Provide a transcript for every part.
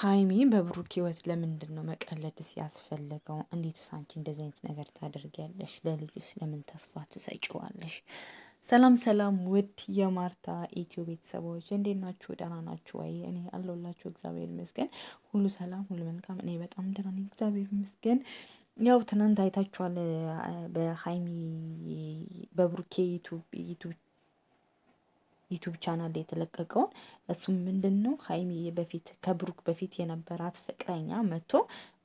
ሀይሚ በብሩክ ህይወት ለምንድን ነው መቀለድስ ያስፈለገው? እንዴት ሳንቺ እንደዚህ አይነት ነገር ታደርጊያለሽ? ለልጁስ ለምን ተስፋ ትሰጭዋለሽ? ሰላም ሰላም፣ ውድ የማርታ ኢትዮ ቤተሰቦች እንዴት ናችሁ? ደህና ናችሁ ወይ? እኔ አለሁላችሁ። እግዚአብሔር ይመስገን፣ ሁሉ ሰላም፣ ሁሉ መልካም። እኔ በጣም ደህና ነኝ፣ እግዚአብሔር ይመስገን። ያው ትናንት አይታችኋል በሀይሚ በብሩኬ ዩቱብ ዩቱብ ቻናል የተለቀቀውን እሱም ምንድን ነው ሀይሚ በፊት ከብሩክ በፊት የነበራት ፍቅረኛ መጥቶ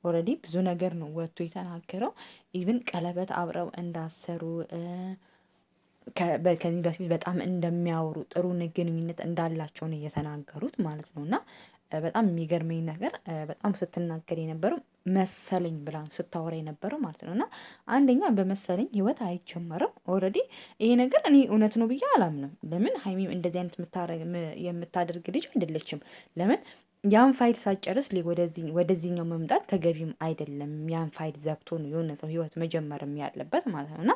ኦልሬዲ ብዙ ነገር ነው ወጥቶ የተናገረው። ኢቭን ቀለበት አብረው እንዳሰሩ ከዚህ በፊት በጣም እንደሚያወሩ ጥሩ ግንኙነት እንዳላቸው ነው እየተናገሩት ማለት ነው። እና በጣም የሚገርመኝ ነገር በጣም ስትናገር የነበረው መሰለኝ ብላ ስታወራ የነበረው ማለት ነው። እና አንደኛ በመሰለኝ ህይወት አይጀመርም። ኦልሬዲ ይሄ ነገር እኔ እውነት ነው ብዬ አላምንም። ለምን ሀይሚም እንደዚህ አይነት የምታደርግ ልጅ አይደለችም። ለምን ያን ፋይል ሳጨርስ ወደዚህኛው መምጣት ተገቢም አይደለም። ያን ፋይል ዘግቶ ነው የሆነ ሰው ህይወት መጀመርም ያለበት ማለት ነው እና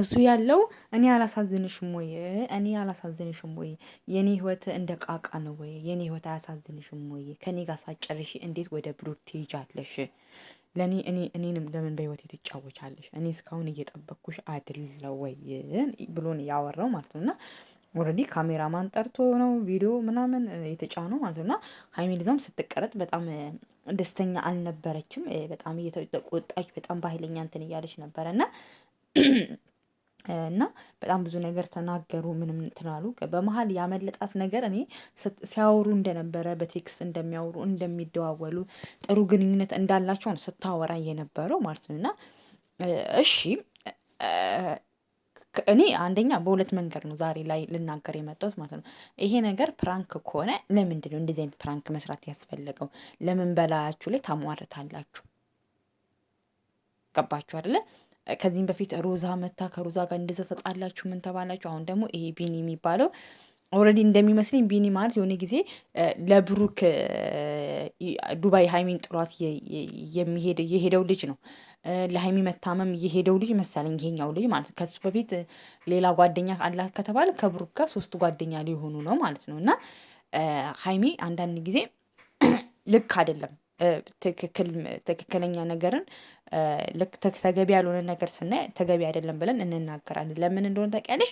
እሱ ያለው እኔ አላሳዝንሽም ወይ? እኔ አላሳዝንሽም ወይ? የኔ ህይወት እንደ ቃቃ ነው ወይ? የኔ ህይወት አያሳዝንሽም ወይ? ከኔ ጋር ሳጨርሽ እንዴት ወደ ብሩክ ትሄጃለሽ? ለእኔ እኔ እኔንም ለምን በህይወት ትጫወቻለሽ? እኔ እስካሁን እየጠበቅኩሽ አይደለ ወይ ብሎን ያወራው ማለት ነው እና ኦልሬዲ ካሜራማን ጠርቶ ነው ቪዲዮ ምናምን የተጫነው ማለት ነው እና ሀይሚ ስትቀረጥ በጣም ደስተኛ አልነበረችም። በጣም እየተቆጣች፣ በጣም በኃይለኛ እንትን እያለች ነበረ እና እና በጣም ብዙ ነገር ተናገሩ ምንም እንትን አሉ በመሃል ያመለጣት ነገር እኔ ሲያወሩ እንደነበረ በቴክስት እንደሚያወሩ እንደሚደዋወሉ ጥሩ ግንኙነት እንዳላቸው ነው ስታወራኝ የነበረው ማለት ነው። እና እሺ እኔ አንደኛ በሁለት መንገድ ነው ዛሬ ላይ ልናገር የመጣሁት ማለት ነው። ይሄ ነገር ፕራንክ ከሆነ ለምንድነው እንደዚህ አይነት ፕራንክ መስራት ያስፈለገው? ለምን በላያችሁ ላይ ታሟርታላችሁ? ገባችሁ አይደለ ከዚህም በፊት ሮዛ መታ ከሮዛ ጋር እንደዛ ተጣላችሁ ምን ተባላችሁ? አሁን ደግሞ ይሄ ቢኒ የሚባለው ኦልሬዲ እንደሚመስለኝ ቢኒ ማለት የሆነ ጊዜ ለብሩክ ዱባይ ሀይሚን ጥሯት የሄደው ልጅ ነው። ለሀይሚ መታመም የሄደው ልጅ መሰለኝ ይሄኛው ልጅ ማለት ነው። ከሱ በፊት ሌላ ጓደኛ አላት ከተባለ ከብሩክ ጋር ሶስት ጓደኛ ሊሆኑ ነው ማለት ነው። እና ሀይሚ አንዳንድ ጊዜ ልክ አይደለም ትክክለኛ ነገርን ልክ ተገቢ ያልሆነ ነገር ስናይ ተገቢ አይደለም ብለን እንናገራለን። ለምን እንደሆነ ታውቂያለሽ?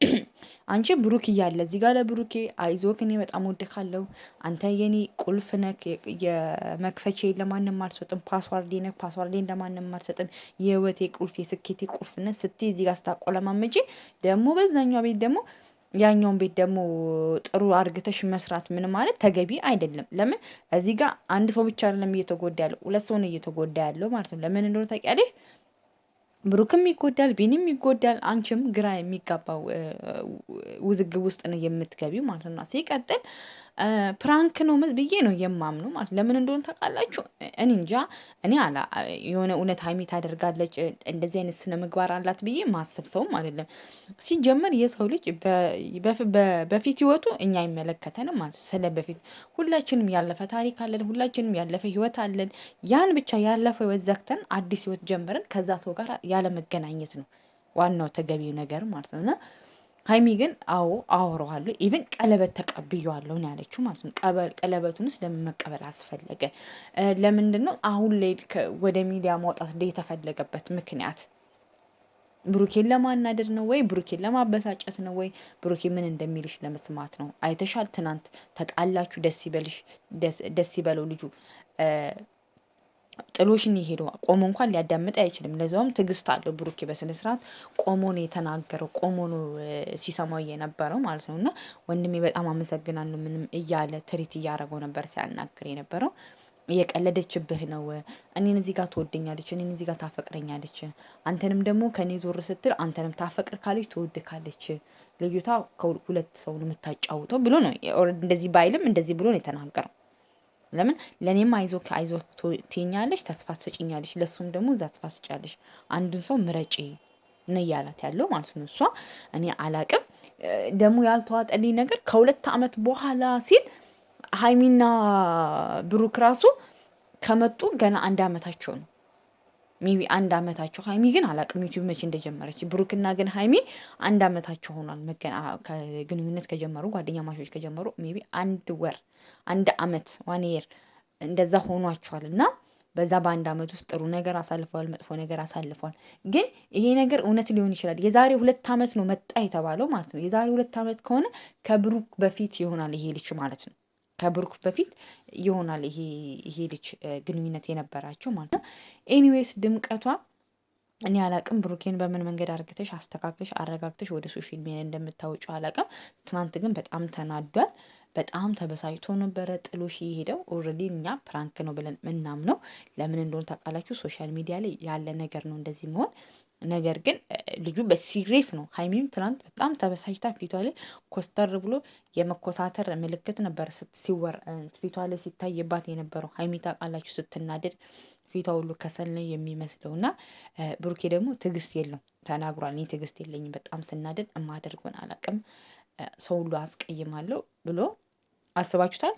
አንቺ ብሩክ እያለ እዚህ ጋር ለብሩኬ አይዞህ እኔ በጣም እወድሃለሁ አንተ የኔ ቁልፍ ነክ የመክፈቼ ለማንም አልሰጥም፣ ፓስዋርዴ ነክ ፓስዋርዴን ለማንም አልሰጥም፣ የህይወቴ ቁልፍ የስኬቴ ቁልፍነት ስቲ እዚህ ጋር ስታቆለማመጪ ደግሞ በዛኛው ቤት ደግሞ ያኛውን ቤት ደግሞ ጥሩ አርግተሽ መስራት ምን ማለት ተገቢ አይደለም። ለምን እዚህ ጋር አንድ ሰው ብቻ አይደለም እየተጎዳ ያለው፣ ሁለት ሰው ነው እየተጎዳ ያለው ማለት ነው። ለምን እንደሆነ ታውቂያለሽ? ብሩክም ይጎዳል፣ ቢኒም ይጎዳል፣ አንቺም ግራ የሚጋባ ውዝግብ ውስጥ ነው የምትገቢው ማለት ነው። ሲቀጥል ፕራንክ ነው ብዬ ነው የማምኑ ማለት ለምን እንደሆነ ታውቃላችሁ? እኔ እንጃ። እኔ አላ የሆነ እውነት ሀይሚ ታደርጋለች እንደዚህ አይነት ስነ ምግባር አላት ብዬ ማሰብ ሰውም አይደለም። ሲጀመር የሰው ልጅ በፊት ህይወቱ እኛ አይመለከተንም ማለት ስለ በፊት ሁላችንም ያለፈ ታሪክ አለን፣ ሁላችንም ያለፈ ህይወት አለን። ያን ብቻ ያለፈ ህይወት ዘግተን አዲስ ህይወት ጀምረን ከዛ ሰው ጋር ያለመገናኘት ነው ዋናው ተገቢው ነገር ማለት ነው እና ሀይሚ ግን አዎ አወራዋለሁ፣ ኢቨን ቀለበት ተቀብያዋለሁ ነው ያለችው ማለት ነው። ቀለበቱንስ ለምን መቀበል አስፈለገ? ለምንድን ነው አሁን ላይ ወደ ሚዲያ ማውጣት የተፈለገበት ምክንያት? ብሩኬን ለማናደድ ነው ወይ ብሩኬን ለማበሳጨት ነው ወይ ብሩኬ ምን እንደሚልሽ ለመስማት ነው? አይተሻል። ትናንት ተጣላችሁ። ደስ ይበልሽ፣ ደስ ይበለው ልጁ ጥሎሽን ይሄዱ ቆሞ እንኳን ሊያዳምጥ አይችልም። ለዚውም ትግስት አለው ብሩኬ በስነስርዓት ቆሞ ነው የተናገረው፣ ቆሞ ነው ሲሰማው የነበረው ማለት ነው። እና ወንድሜ በጣም አመሰግናለሁ ምንም እያለ ትሪት እያደረገው ነበር ሲያናግር የነበረው የቀለደችብህ ነው። እኔን እዚህ ጋር ትወደኛለች፣ እኔን እዚህ ጋር ታፈቅረኛለች፣ አንተንም ደግሞ ከእኔ ዞር ስትል አንተንም ታፈቅር ካለች ትወድካለች ልዩታ ከሁለት ሰውን የምታጫውተው ብሎ ነው። እንደዚህ ባይልም እንደዚህ ብሎ ነው የተናገረው። ለምን ለእኔም አይዞ አይዞ ትኛለሽ፣ ተስፋ ትሰጭኛለሽ፣ ለእሱም ደግሞ እዛ ተስፋ ትሰጫለሽ። አንዱን ሰው ምረጪ ነው እያላት ያለው ማለት ነው። እሷ እኔ አላቅም ደግሞ ያልተዋጠልኝ ነገር ከሁለት አመት በኋላ ሲል ሀይሚና ብሩክ ራሱ ከመጡ ገና አንድ አመታቸው ነው። ሜቢ አንድ አመታቸው ሀይሚ ግን አላቅም ዩቲዩብ መቼ እንደጀመረች ብሩክና ግን ሀይሚ አንድ አመታቸው ሆኗል። ግንኙነት ከጀመሩ ጓደኛ ማሾች ከጀመሩ ሜቢ አንድ ወር አንድ አመት ዋን እንደዛ ሆኗቸዋል እና በዛ በአንድ አመት ውስጥ ጥሩ ነገር አሳልፈዋል፣ መጥፎ ነገር አሳልፈዋል። ግን ይሄ ነገር እውነት ሊሆን ይችላል። የዛሬ ሁለት አመት ነው መጣ የተባለው ማለት ነው። የዛሬ ሁለት አመት ከሆነ ከብሩክ በፊት ይሆናል ይሄ ልጅ ማለት ነው። ከብሩክ በፊት ይሆናል ይሄ ልጅ ግንኙነት የነበራቸው ማለት ነው። ኤኒዌይስ ድምቀቷ እኔ አላቅም። ብሩኬን በምን መንገድ አርግተሽ አስተካክለሽ አረጋግተሽ ወደ ሶሻል ሚዲያ እንደምታወጩ አላቅም። ትናንት ግን በጣም ተናዷል። በጣም ተበሳጭቶ ነበረ ጥሎሽ የሄደው። ኦልሬዲ እኛ ፕራንክ ነው ብለን ምናምነው ለምን እንደሆነ ታውቃላችሁ። ሶሻል ሚዲያ ላይ ያለ ነገር ነው እንደዚህ መሆን ነገር ግን ልጁ በሲሪየስ ነው። ሀይሚም ትናንት በጣም ተበሳጭታ ፊቷ ላይ ኮስተር ብሎ የመኮሳተር ምልክት ነበር ሲወር ፊቷ ላይ ሲታይባት የነበረው። ሀይሚ ታውቃላችሁ ስትናደድ ፊቷ ሁሉ ከሰል ነው የሚመስለው እና ብሩኬ ደግሞ ትዕግስት የለው ተናግሯል። እኔ ትዕግስት የለኝም በጣም ስናደድ እማደርገውን አላቅም፣ ሰው ሁሉ አስቀይማለሁ ብሎ አስባችሁታል።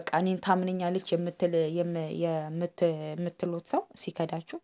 በቃ እኔን ታምነኛለች የምትሎት ሰው ሲከዳችሁ